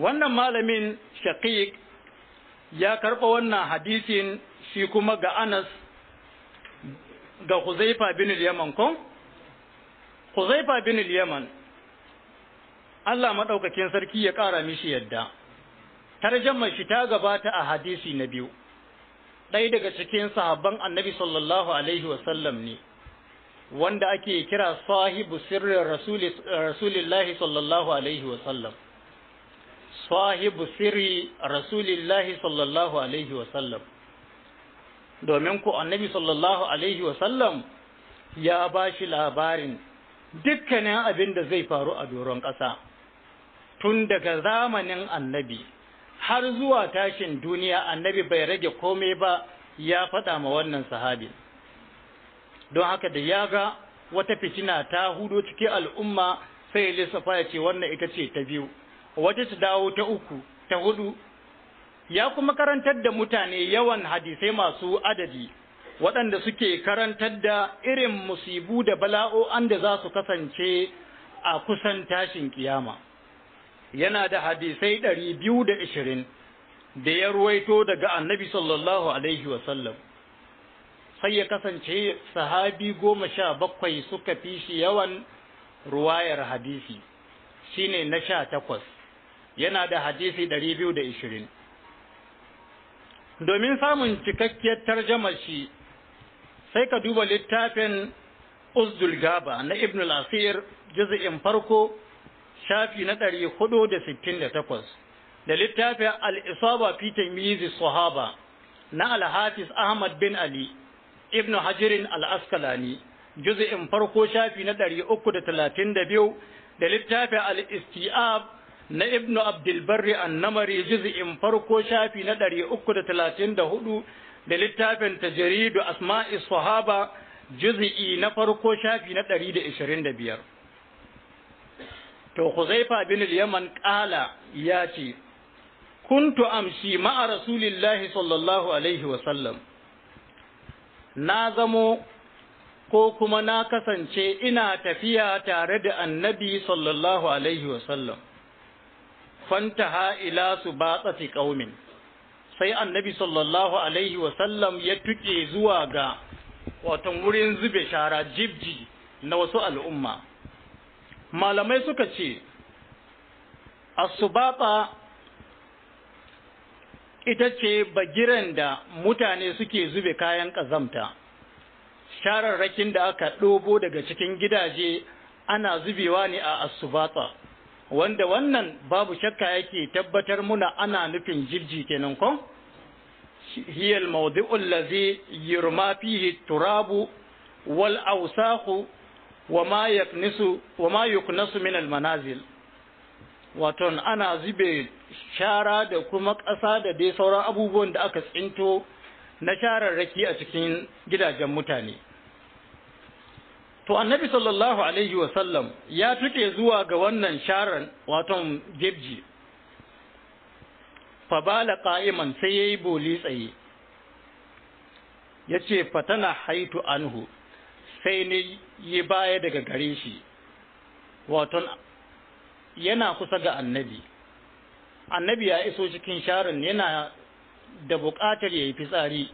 wannan malamin shaqiq ya karɓa wannan hadisin shi kuma ga anas ga huzaifa bin yaman ko huzaifa bin yaman allah maɗaukakin sarki ya ƙara mishi yadda tarjamar shi ta gabata a hadisi na biyu ɗaya daga cikin sahabban annabi sallallahu alaihi wasallam ne wanda ake kira sahibu sirrin rasulillahi sallallahu alaihi wasallam sahibu sirri rasulillahi sallallahu alaihi wasallam domin ku annabi sallallahu alaihi wasallam ya ba shi labarin dukkanin abin da zai faru a doron ƙasa tun daga zamanin annabi har zuwa tashin duniya annabi bai rage komai ba ya faɗa ma wannan sahabi don haka da ya ga wata fitina ta hudo cikin al'umma sai ya lissafa ya ce wannan ita ce ta biyu wata su dawo ta uku ta hudu ya kuma karantar da mutane yawan hadisai masu adadi waɗanda suke karantar da irin musibu da bala'o da za su kasance a kusan tashin kiyama yana da hadisai ɗari biyu da ishirin da ya ruwaito daga annabi sallallahu alaihi wasallam sai ya kasance sahabi goma sha bakwai suka fi shi yawan ruwayar hadisi shine na sha takwas yana da hadisi 220 domin samun cikakkiyar tarjamar shi sai ka duba littafin uzdul gaba na ibn al-asir juz'in farko shafi na 468 da littafin al-isaba fi tamyiz sahaba na al-hafiz ahmad bin ali ibn hajirin al-askalani juz'in farko shafi na 332 da littafin al-istiab na ibnu abdulbarri annamari juz'in farko shafi na 334 da littafin tajridu asma'i sahaba juz'i na farko shafi na 125 to Huzaifa bin yaman qala ya ce kuntu amshi ma'a rasulillahi sallallahu alaihi wa sallam na zamo ko kuma na kasance ina tafiya tare da annabi sallallahu alaihi wa sallam fantaha ila su batsati ƙaumin sai annabi sallallahu alaihi wasallam ya tuke zuwa ga watan wurin zube shara jibji na wasu al'umma malamai suka ce asubata ita ce bagiran da mutane suke zube kayan ƙazamta shararrakin da aka ɗobo daga cikin gidaje ana zubewa ne a asubata wanda wannan babu shakka yake tabbatar muna ana nufin jirji kenan ko Hiyal al-mawdi'u allazi yurma fihi turabu wal awsaqu wama yaknisu wama yuknasu min al-manazil wato ana zube shara da kuma ƙasa da dai sauran abubuwan da aka tsinto na shararraki a cikin gidajen mutane to annabi sallallahu alaihi wasallam ya fike zuwa ga wannan sharan waton jebji fabala qa'iman sai yayi boli tsaye yace fatana haitu anhu sai ne yi baya daga gare shi waton yana kusa ga annabi annabi ya iso cikin sharan yana da buƙatar ya yi fitsari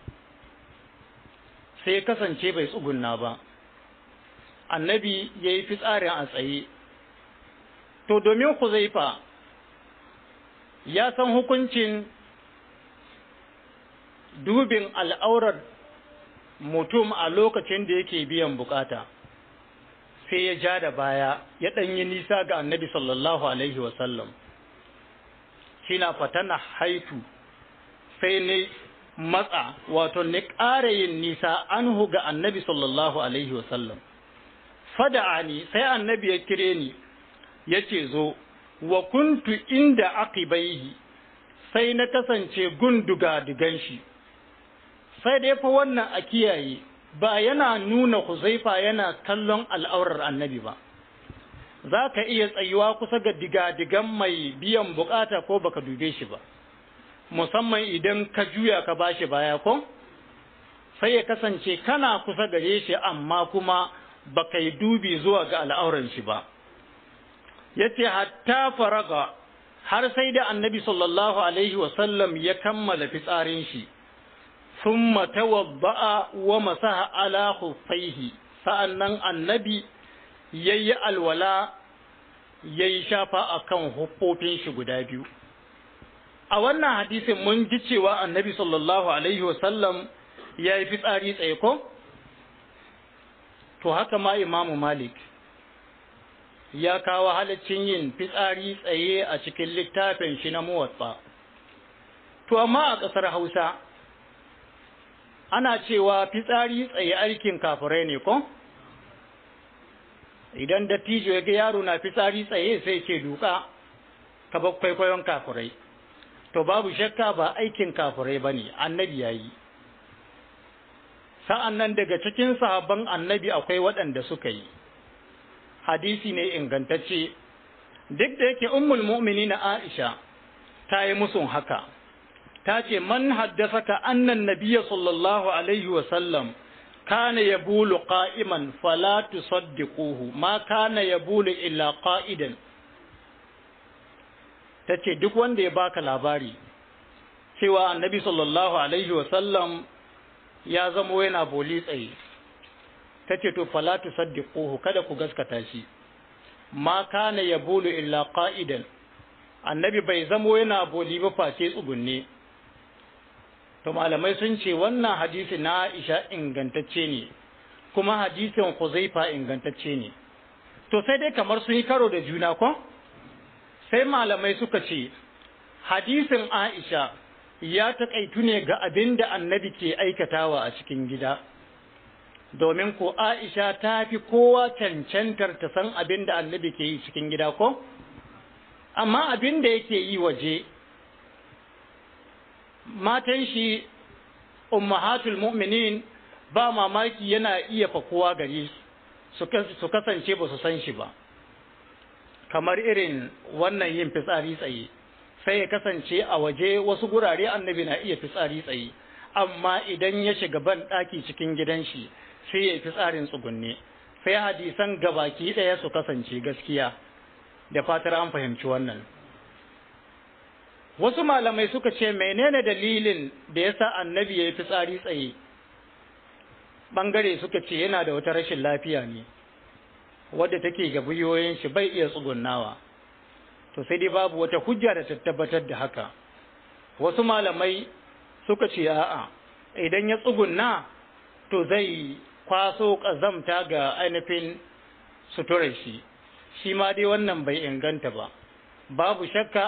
sai kasance bai tsugunna ba annabi ya yi fitsarin a tsaye to domin ku huzaifa ya san hukuncin dubin al'aurar mutum a lokacin da yake biyan bukata sai ya ja da baya ya ɗanyi nisa ga annabi sallallahu alaihi wasallam shina fatana haitu sai ne matsa wato ne ƙara yin nisa anhu ga annabi sallallahu alaihi wasallam fada'ani sai annabi ya kire ni ya ce zo wa kuntu inda aqibaihi sai na kasance gunduga digan shi sai dai fa wannan a kiyaye ba yana nuna huzaifa yana kallon al'aurar annabi ba za ka iya tsayuwa kusa ga diga-digan mai biyan bukata ko baka dube shi ba musamman idan ka juya ka bashi baya ko sai ya kasance kana kusa gare shi amma kuma baka yi dubi zuwa ga al'auran shi ba yace hatta faraga har sai da annabi sallallahu alaihi wasallam ya kammala fitsarin shi thumma ba'a wa masaha ala khuffaihi sa'annan annabi yayi alwala yayi shafa a kan huffofin shi guda biyu a wannan hadisin mun ji cewa annabi sallallahu alaihi wasallam ya yi fitsari tsaye ko to haka ma imamu malik ya kawo halaccin yin fitsari tsaye a cikin littafin shi na muwatsa to amma a ƙasar hausa ana cewa fitsari tsaye aikin kafirai ne ko idan dattijo ya ga yaro na fitsari tsaye sai ke duka ka kwaikwayon kafirai to babu shakka ba aikin kafirai ba ne annabi ya yi sa'an nan daga cikin sahabban annabi akwai waɗanda suka yi hadisi ne ingantacce duk da yake ummul mu'mini na aisha ta yi musun haka ta ce man haddasa ka annan nabiya sallallahu alaihi wasallam kana ya bulu ƙa'iman falatu saddiquhu ma kana ya bulu illa ƙa'idan ta ce duk wanda ya baka labari cewa annabi sallallahu alaihi wasallam ya zamo yana boli tsaye ta ce to falatu saddiquhu kada ku gaskata shi ma kana yabulu illa qa'idan annabi bai zamo yana boli ba face tsugunne to malamai sun ce wannan hadisi na Aisha ingantacce ne kuma hadisin Khuzaifa ingantacce ne to sai dai kamar sun yi karo da juna ko sai malamai suka ce hadisin Aisha ya taƙaitu ne ga abin da annabi ke aikatawa a cikin gida domin ko aisha ta fi kowa cancantar ta san abin da annabi ke yi cikin gida ko amma abin da yake yi waje matan shi ummahatul mu'minin ba mamaki yana iya fakuwa gari su kasance ba su san shi ba kamar irin wannan yin fitsari tsaye sai ya kasance a waje wasu gurare annabi na iya fitsari tsaye amma idan ya shiga ban ɗaki cikin gidan shi sai ya fitsarin tsugunne sai hadisan gabaki ɗaya su kasance gaskiya da fatar an fahimci wannan wasu malamai suka ce menene dalilin da ya sa annabi ya yi fitsari tsaye ɓangare suka ce yana da wata rashin lafiya ne wadda take ga buyoyin shi bai iya tsugunnawa to sai dai babu wata hujja da ta tabbatar da haka wasu malamai suka ce a'a idan ya tsugunna to zai kwaso kazamta ga ainihin suturar shi shi ma dai wannan bai inganta ba babu shakka